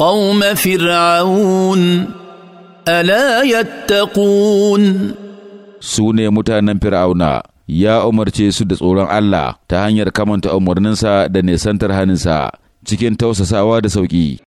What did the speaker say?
قوم فرعون ألا يتقون سوني متانا فرعون ya umarce su da tsoron Allah ta hanyar kamanta umarninsa da nesantar haninsa cikin tausasawa da sauƙi.